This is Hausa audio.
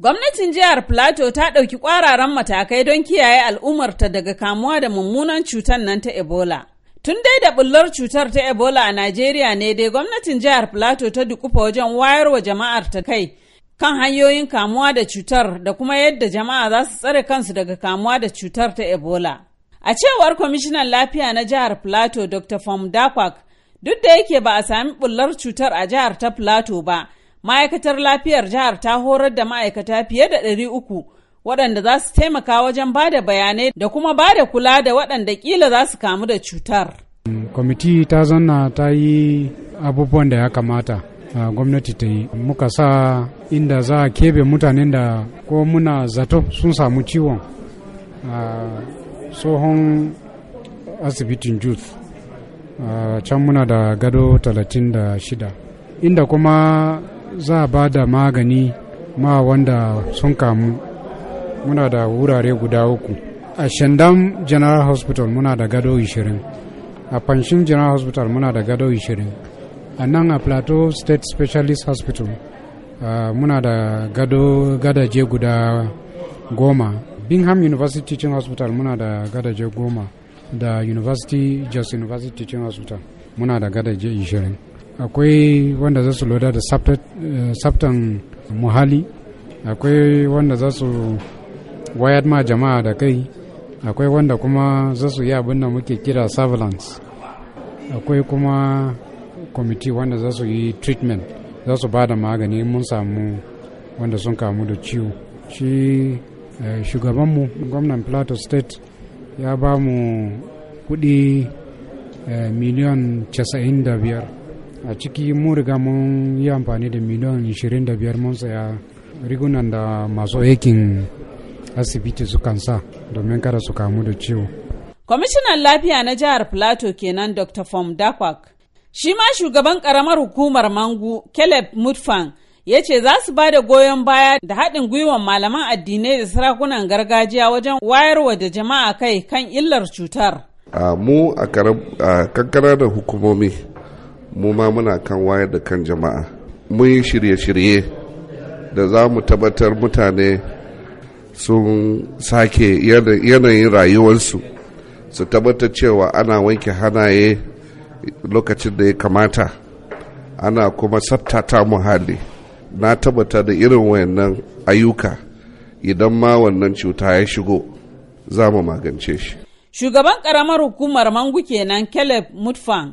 Gwamnatin jihar Plateau ta ɗauki ƙwararan matakai don kiyaye al'ummarta daga kamuwa da mummunan cutar nan ta Ebola. Tun dai da bullar cutar ta Ebola a Najeriya ne dai gwamnatin jihar Plateau ta dukufa wajen wayar wa jama'ar ta kai kan hanyoyin kamuwa da cutar da kuma yadda jama'a za su tsare kansu daga kamuwa da cutar ta Ebola. A cewar kwamishinan lafiya na jihar Plateau Dr. Fom Dakwak, duk da yake ba a sami bullar cutar a jihar ta Plateau ba, ma'aikatar lafiyar jihar ta horar da ma'aikata fiye da ɗari uku waɗanda za su taimaka wajen ba da bayanai da kuma ba da kula da waɗanda ƙila za su kamu da cutar. kwamiti ta zanna ta yi abubuwan da ya kamata gwamnati ta yi muka sa inda za a keɓe mutanen da ko muna zato sun samu ciwon a tsohon asibitin Juth can muna da gado 36 inda kuma za a ba da magani ma wanda sun kamu muna da wurare guda uku a shandam general hospital muna da gado 20 a panshin general hospital muna da gado 20 a nan a plateau state specialist hospital uh, muna da gado gadaje guda goma bingham university teaching hospital muna da gadaje goma da university just university teaching hospital muna da gadaje 20 akwai wanda za su lura da eh, tsaftan muhalli akwai wanda za su wayar ma jama'a da kai akwai wanda kuma za su yi abin da muke kira surveillance akwai kuma kwamiti wanda za su yi treatment za su ba da magani mun samu wanda sun kamu da ciwo shi eh, shugabanmu gwamnan plateau state ya ba mu kudi eh, miliyan 95 a ciki mun riga mun yi amfani da miliyan 25 mun tsaya rigunan da masu aikin asibiti su sa domin kada su kamu da ciwo. kwamishinan lafiya na jihar plateau kenan dr fom dakwak shi ma shugaban karamar hukumar mangu caleb mutfan ya ce za su ba da goyon baya da haɗin gwiwar malaman addinai da sarakunan gargajiya wajen wayarwa da jama'a kai kan illar cutar. a mu a kankana da hukumomi mu ma muna kan wayar da kan jama'a mun yi shirye-shirye da za mu tabbatar mutane sun sake yanayin rayuwarsu su tabbatar cewa ana wanke hanaye lokacin da ya kamata ana kuma tsabtata muhalli na tabbata da irin wayannan ayyuka idan ma wannan cuta ya shigo za mu magance shi shugaban karamar hukumar mangu kenan caleb mutfang